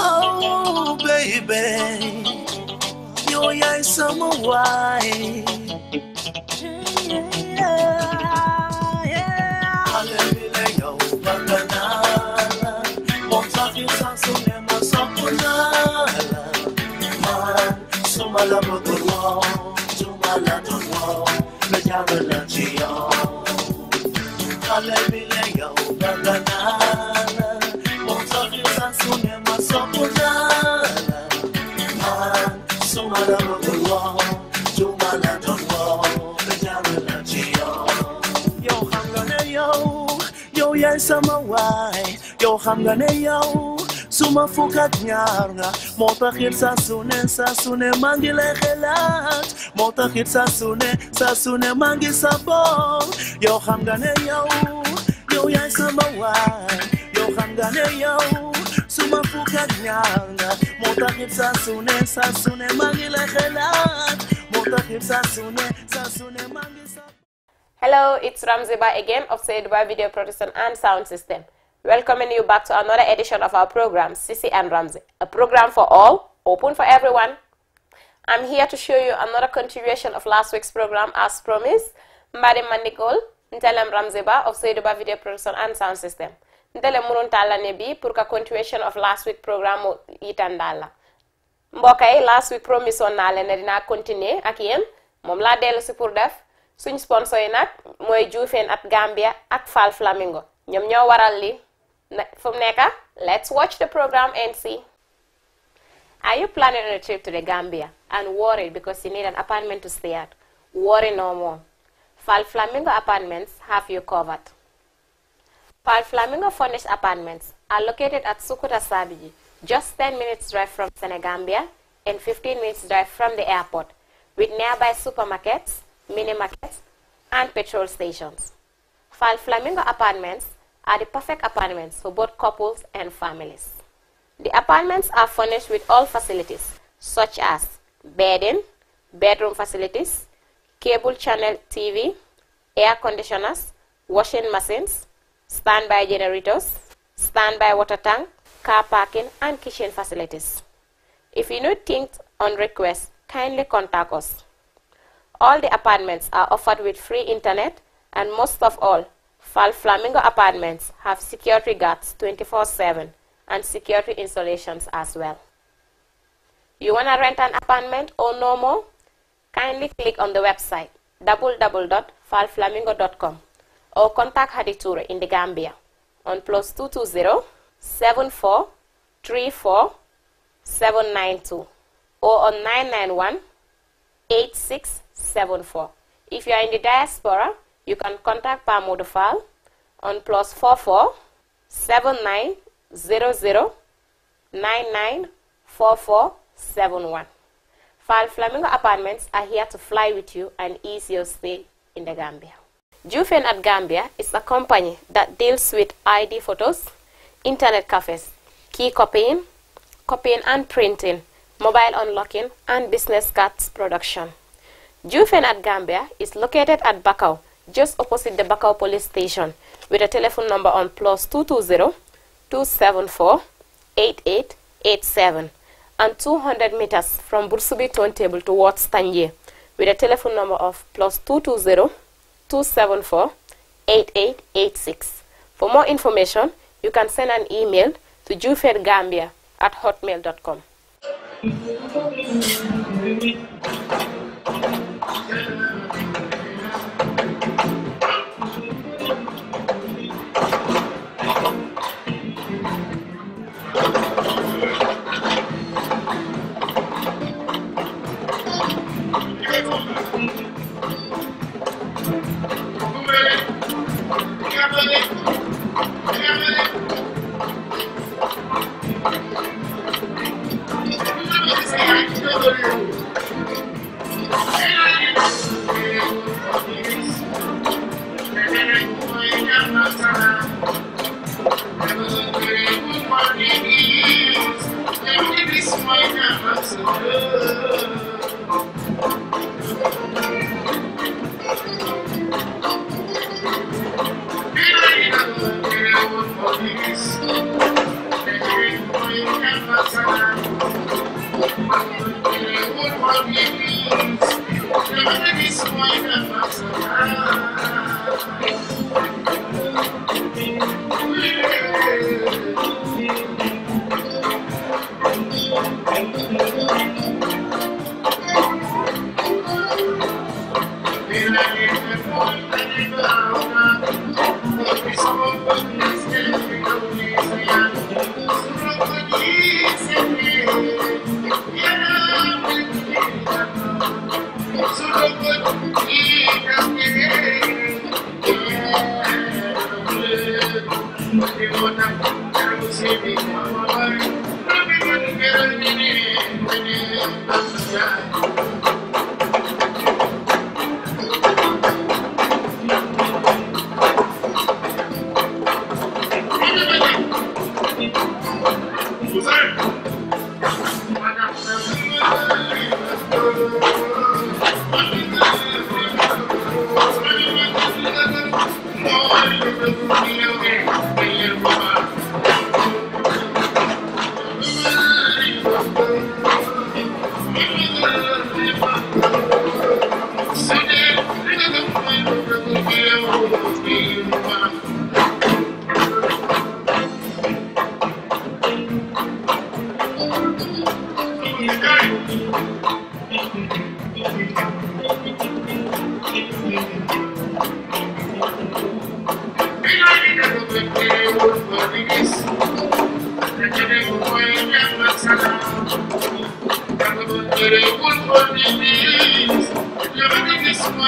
Oh, baby, your eyes summer wine. you're Hallelujah, Banana. Won't have you sang so never Sapunala. Man, Sumala Bogurwa, Jumala Dunwa, yai samawai Yo hamgane yau sumafukat nyarna motakhir sa sune mangile khelat motakhir sasune sasune mangi sabo yo hamgane yo yo yai samawa yo hamgane yo sumafukat nyarna motakhir sasune sasune mangile khelat motakhir sasune sasune mangi sabo Hello, it's Ramziba again of Saiduba Video Production and Sound System. Welcoming you back to another edition of our program, Sisi and Ramzi, a program for all, open for everyone. I'm here to show you another continuation of last week's program as promised. Mbari Manikol, Ntelem Ramziba of Saiduba Video Production and Sound System. Ntelem Muruntala Nebi, Purka continuation of last week's program Itandala. Mbokay, last week promise on Nale Nerina continue, Akiem, Momla Del Supurdef suñ sponsor yi nag at Gambia ak Fal Flamingo ñoom ñoo waral li fu mu let's watch the program and see are you planning on a trip to the Gambia and worried because you need an apartment to stay at worry no more Fal Flamingo apartments have you covered Fal Flamingo furnished apartments are located at Sukuta Sabiji just 10 minutes drive from Senegambia and 15 minutes drive from the airport with nearby supermarkets mini markets, and petrol stations. While Flamingo apartments are the perfect apartments for both couples and families. The apartments are furnished with all facilities such as bedding, bedroom facilities, cable channel TV, air conditioners, washing machines, standby generators, standby water tank, car parking, and kitchen facilities. If you need things on request, kindly contact us. All the apartments are offered with free internet and most of all, Fal Flamingo apartments have security guards 24-7 and security installations as well. You want to rent an apartment or no more? Kindly click on the website www.falflamingo.com or contact Hadi in the Gambia on plus 220 74 792 or on 991 86 74. If you are in the diaspora, you can contact Pam Odofal on plus 44 7900 Fal Flamingo Apartments are here to fly with you and ease your stay in the Gambia. Jufen at Gambia is a company that deals with ID photos, internet cafes, key copying, copying and printing, mobile unlocking, and business cards production. Jufen at Gambia is located at Bakau, just opposite the Bakau police station, with a telephone number on plus 220-274-8887 and 200 meters from Bursubi turntable towards Tanje, with a telephone number of plus 220-274-8886. For more information, you can send an email to jufedgambia at hotmail.com.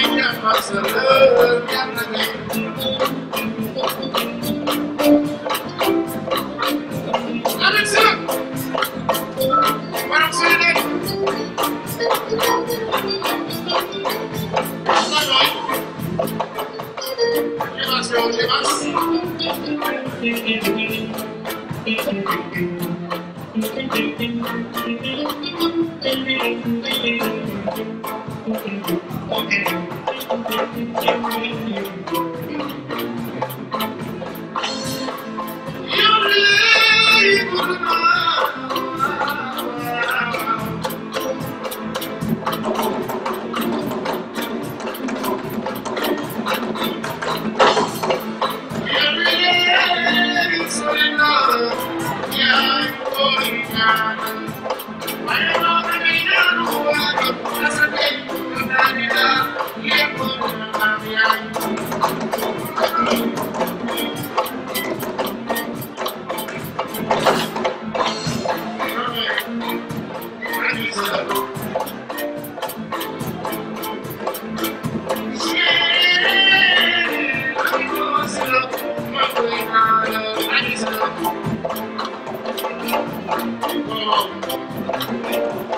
Thank oh, you. Thank you.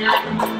Yeah.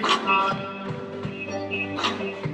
Thank you.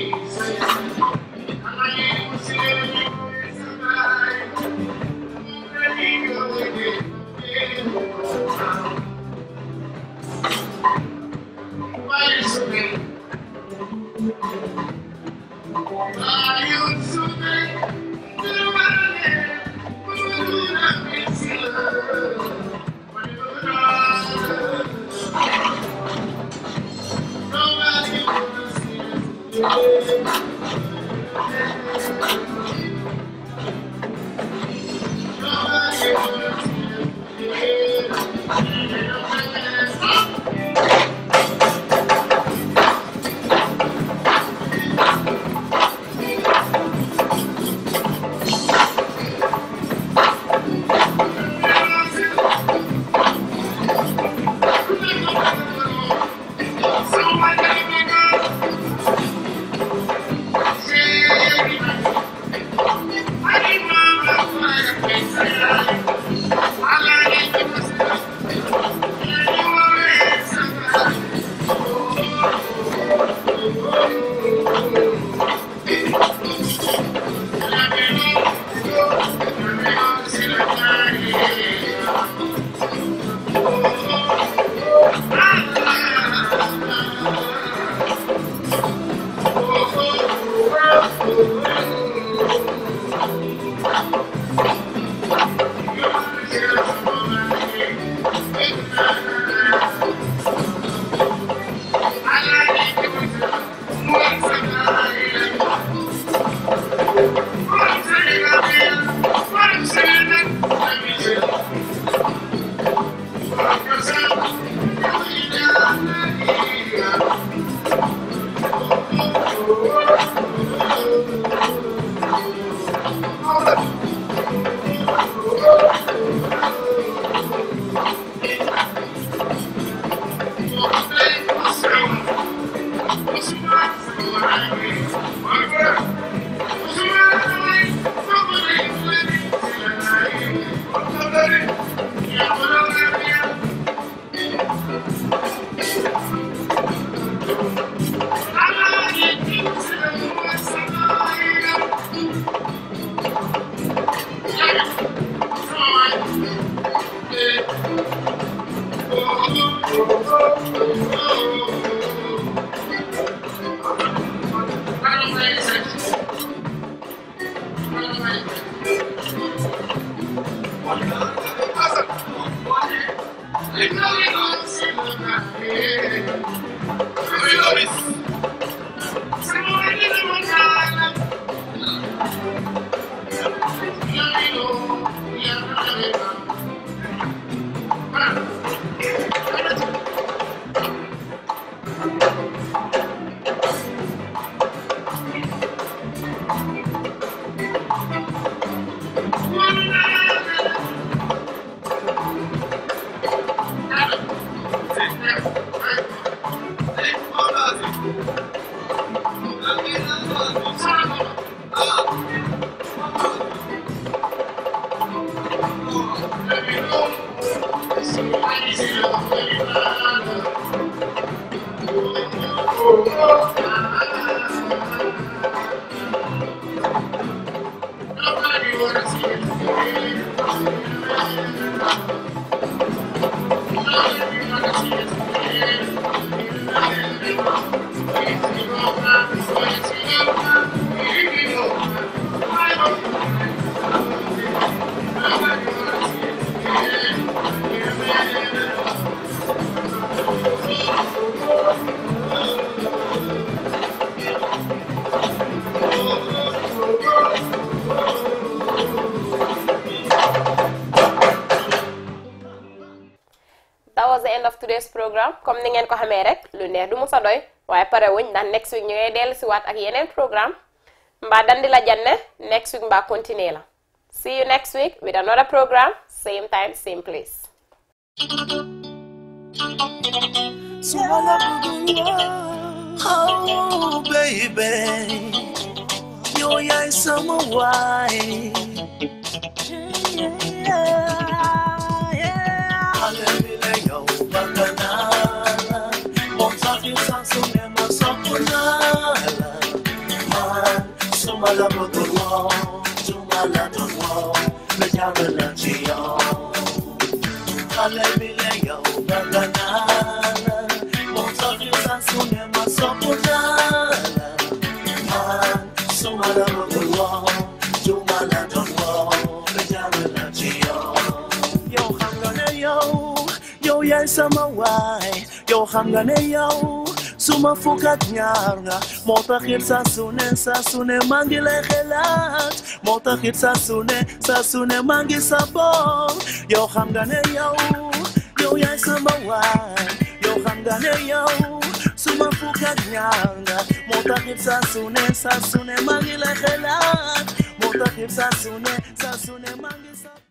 Please. Waves programme comme ni ngeen ko xamee rek lu neex du mu sa doy waaye pare wuñ ndax next week ñu ngay dellu si waat ak yeneen programme mbaa dandi la janne next week mbaa continuer la see you next week with another programme same time same place Oh baby, yow yaay sama waay 有行的没有？有眼什么歪？有行的没有？sumafokat nyarna sune sasune sasune mangi lekhelat motakhit sasune sasune mangi sabo, yo khamgane yo yo yai samawa yo khamgane yo sumafokat nyarna sune sasune sasune mangi lekhelat motakhit sasune sasune mangi sabo.